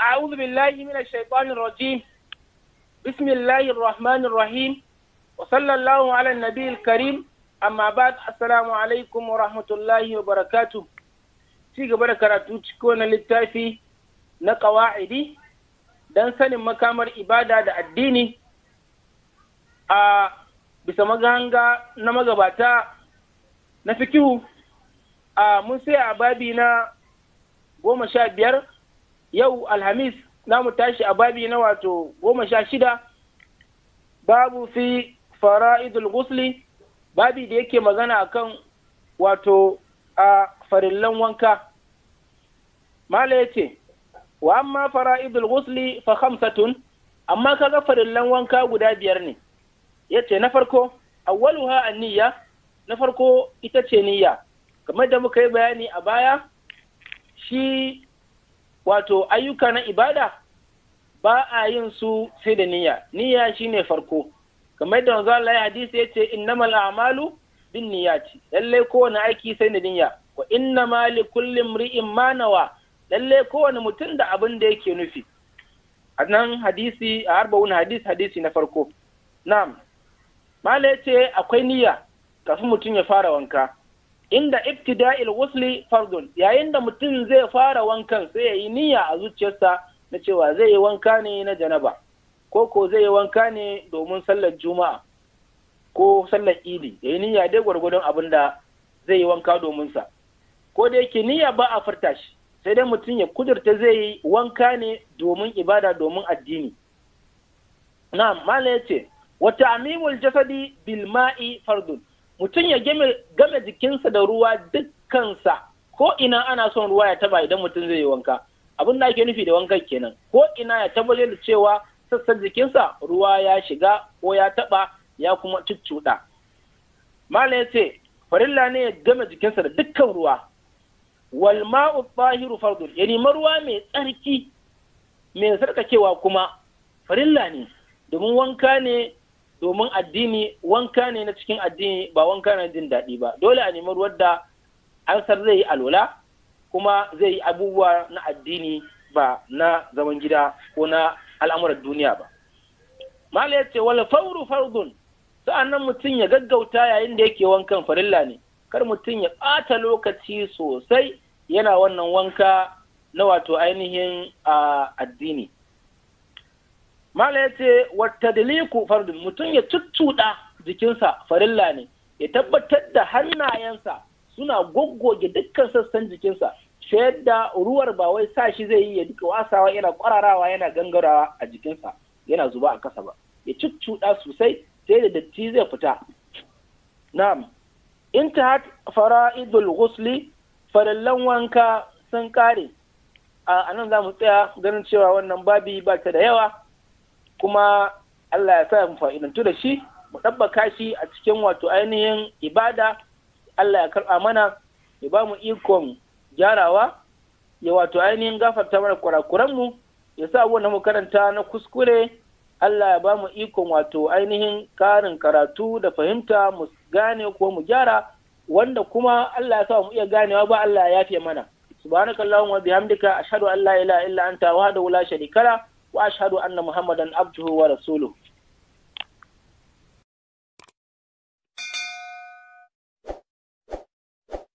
أعوذ بالله من الشيطان الرجيم بسم الله الرحمن الرحيم وصلى الله على النبي الكريم amma ba assalamu alaikum wa rahmatullahi wa barakatu ci gaba da karatu ciko na littafi na ƙawa'idi don sanin makamar ibada da addini a bisa maganga na magabata na fikihu a mun sai a babi na goma sha biyar yau alhamis namu tashi a babi na wato goma sha shida babu fi fara'idul gusli babi da yake magana a kan wato a farillan wanka mala ya ce wa amma fara'idul gusli fa hamsatun amma kaga farillan wanka guda biyar ne ya ce na farko awwaluha anniya na farko ita ce niyya kamar da muka yi bayani a baya shi wato ayyuka na ibada ba a yin su sai da niyya niyya shine farko kamar da manzo Allah ya hadisi yace innamal a'malu bin niyyati lalle kowane aiki sai da niyya wa innama li kulli imri'in ma nawa lalle kowane mutum da abin da yake nufi nan hadisi a arba'un hadisi hadisi na farko na'am mala ce akwai niyya kafin mutum ya fara wanka inda ibtida'il wusli fardun yayin da mutum zai fara wankan sai ya yi niyya a zuciyarsa na cewa zai yi wanka ne na janaba ko ko zai yi wanka ne domin sallar juma'a ko sallar idi ya yi niyya dai gwargwadon abin da zai yi wanka domin sa ko da yake niyya ba a furta shi sai dai mutum ya kudurta zai yi wanka ne domin ibada domin addini na'am mala ce wa ta'mimul jasadi bil ma'i fardun mutum ya game jikinsa da ruwa dukkansa ko ina ana son ruwa ya taba idan mutum zai yi wanka abin da ake nufi da wankan kenan ko ina ya tabbatar da cewa sassan jikinsa ruwa ya shiga ko ya taba ya kuma cuccuɗa malam ya ce farilla ne ya game jikinsa da dukkan ruwa Walma ma'u fardu ya nima ruwa mai tsarki mai sarkakewa kuma farilla ne domin wanka ne domin addini wanka ne na cikin addini ba wanka na jin daɗi ba dole a nemi ruwan da ansar zai yi alwala kuma zai yi abubuwa na addini ba na zaman gida ko na al'amuran duniya ba mala ya ce wala fauru fardun nan mutum ya gaggauta yayin da yake wankan farilla ne kar mutum ya ɓata lokaci sosai yana wannan wanka na wato ainihin ah, addini mala ya ce wata daliku fardun mutum ya tuttuɗa jikinsa farilla ne ya tabbatar da hannayensa suna goggoge dukkan sassan jikinsa shayar yadda ruwar ba wai sa shi zai yi ya duka wasawa yana kwararawa yana gangarawa a jikinsa yana zuba a kasa ba ya cuccuɗa sosai sai da datti zai fita na'am intahat fara'idul husli farillan wanka sun kare a nan za mu tsaya ganin cewa wannan babi ba ta da yawa kuma Allah ya sa mu fa'idantu da shi mu ɗabbaka shi a cikin wato ainihin ibada Allah ya karɓa mana ya ba mu ikon gyarawa ya wato ainihin gafarta mana kurakuranmu ya sa wanda mu karanta na kuskure Allah ya ba mu ikon wato ainihin karin karatu da fahimta mu gane ko mu gyara wanda kuma Allah ya sa mu iya ganewa ba Allah ya yafe mana subhanakallahumma wa bihamdika ashhadu an la ilaha illa anta wahdahu la sharika wa ashhadu anna muhammadan abduhu wa rasuluhu